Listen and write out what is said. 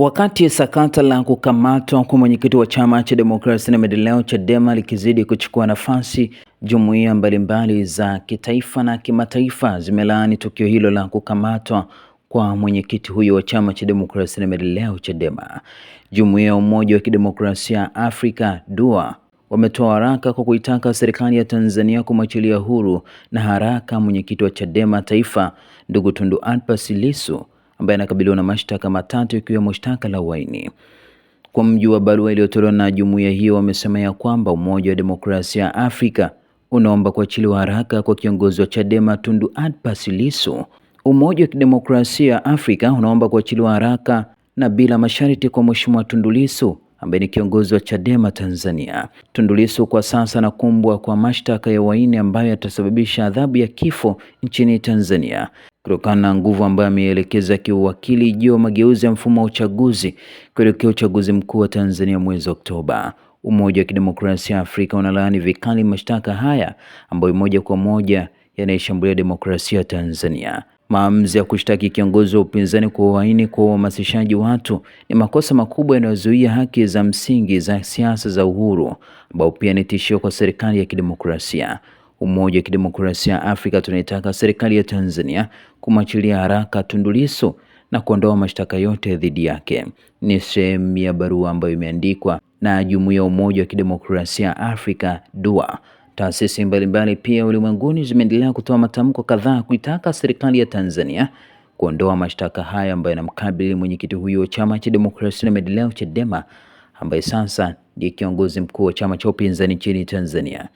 Wakati sakata la kukamatwa kwa mwenyekiti wa chama cha demokrasia na maendeleo Chadema likizidi kuchukua nafasi, jumuiya mbalimbali za kitaifa na kimataifa zimelaani tukio hilo la kukamatwa kwa mwenyekiti huyo wa chama cha demokrasia na maendeleo Chadema. Jumuiya ya Umoja wa Kidemokrasia Afrika DUA wametoa waraka kwa kuitaka serikali ya Tanzania kumwachilia huru na haraka mwenyekiti wa Chadema Taifa, ndugu Tundu Antipas Lissu ambaye anakabiliwa na mashtaka matatu ikiwemo shtaka la uhaini. Kwa mji wa barua iliyotolewa na jumuiya hiyo, wamesema ya kwamba Umoja wa Demokrasia ya Afrika unaomba kuachiliwa haraka kwa kiongozi wa Chadema Tundu Antipas Lissu. Umoja wa Kidemokrasia ya Afrika unaomba kuachiliwa haraka na bila masharti kwa Mheshimiwa Tundu Lissu ambaye ni kiongozi wa Chadema Tanzania. Tundu Lissu kwa sasa anakumbwa kwa mashtaka ya uhaini ambayo yatasababisha adhabu ya kifo nchini Tanzania. Kutokana na nguvu ambayo ameielekeza kiuwakili juu ya mageuzi ya mfumo wa uchaguzi kuelekea uchaguzi mkuu wa Tanzania mwezi Oktoba. Umoja wa Kidemokrasia ya Afrika unalaani vikali mashtaka haya ambayo moja kwa moja yanayeshambulia demokrasia ya Tanzania. Maamuzi ya kushtaki kiongozi wa upinzani kwa uhaini kwa uhamasishaji watu ni makosa makubwa yanayozuia haki za msingi za siasa za uhuru, ambao pia ni tishio kwa serikali ya kidemokrasia. Umoja wa Kidemokrasia ya Afrika tunaitaka serikali ya Tanzania kumwachilia haraka Tundu Lissu na kuondoa mashtaka yote dhidi yake. Ni sehemu ya barua ambayo imeandikwa na Jumuiya ya Umoja wa Kidemokrasia ya Afrika DUA. Taasisi mbalimbali pia ulimwenguni zimeendelea kutoa matamko kadhaa kuitaka serikali ya Tanzania kuondoa mashtaka haya ambayo yanamkabili mwenyekiti huyo wa Chama cha Demokrasia na Maendeleo, Chadema, ambaye sasa ndiye kiongozi mkuu wa chama cha upinzani nchini Tanzania.